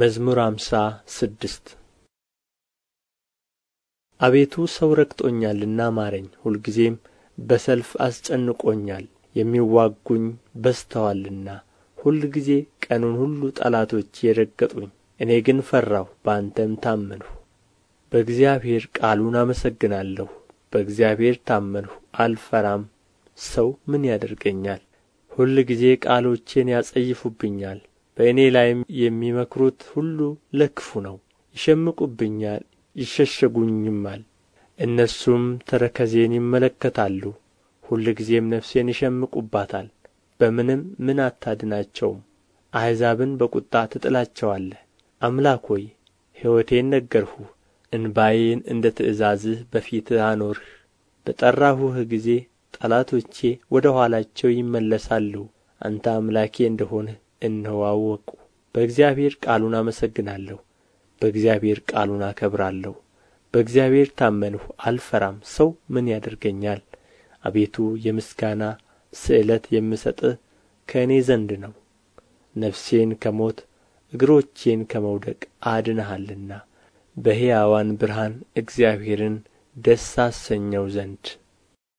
መዝሙር ሃምሳ ስድስት አቤቱ ሰው ረግጦኛልና ማረኝ ሁልጊዜም በሰልፍ አስጨንቆኛል የሚዋጉኝ በዝተዋልና ሁልጊዜ ቀኑን ሁሉ ጠላቶች የረገጡኝ እኔ ግን ፈራሁ በአንተም ታመንሁ በእግዚአብሔር ቃሉን አመሰግናለሁ በእግዚአብሔር ታመንሁ አልፈራም ሰው ምን ያደርገኛል ሁልጊዜ ቃሎቼን ያጸይፉብኛል በእኔ ላይም የሚመክሩት ሁሉ ለክፉ ነው ይሸምቁብኛል ይሸሸጉኝማል እነርሱም ተረከዜን ይመለከታሉ ሁልጊዜም ነፍሴን ይሸምቁባታል በምንም ምን አታድናቸውም አሕዛብን በቁጣ ትጥላቸዋለህ አምላክ ሆይ ሕይወቴን ነገርሁ፣ እንባዬን እንደ ትእዛዝህ በፊትህ አኖርህ በጠራሁህ ጊዜ ጠላቶቼ ወደ ኋላቸው ይመለሳሉ አንተ አምላኬ እንደሆንህ እነሆ አወቁ። በእግዚአብሔር ቃሉን አመሰግናለሁ በእግዚአብሔር ቃሉን አከብራለሁ በእግዚአብሔር ታመንሁ አልፈራም ሰው ምን ያደርገኛል አቤቱ የምስጋና ስእለት የምሰጥህ ከእኔ ዘንድ ነው ነፍሴን ከሞት እግሮቼን ከመውደቅ አድነሃልና በሕያዋን ብርሃን እግዚአብሔርን ደስ አሰኘው ዘንድ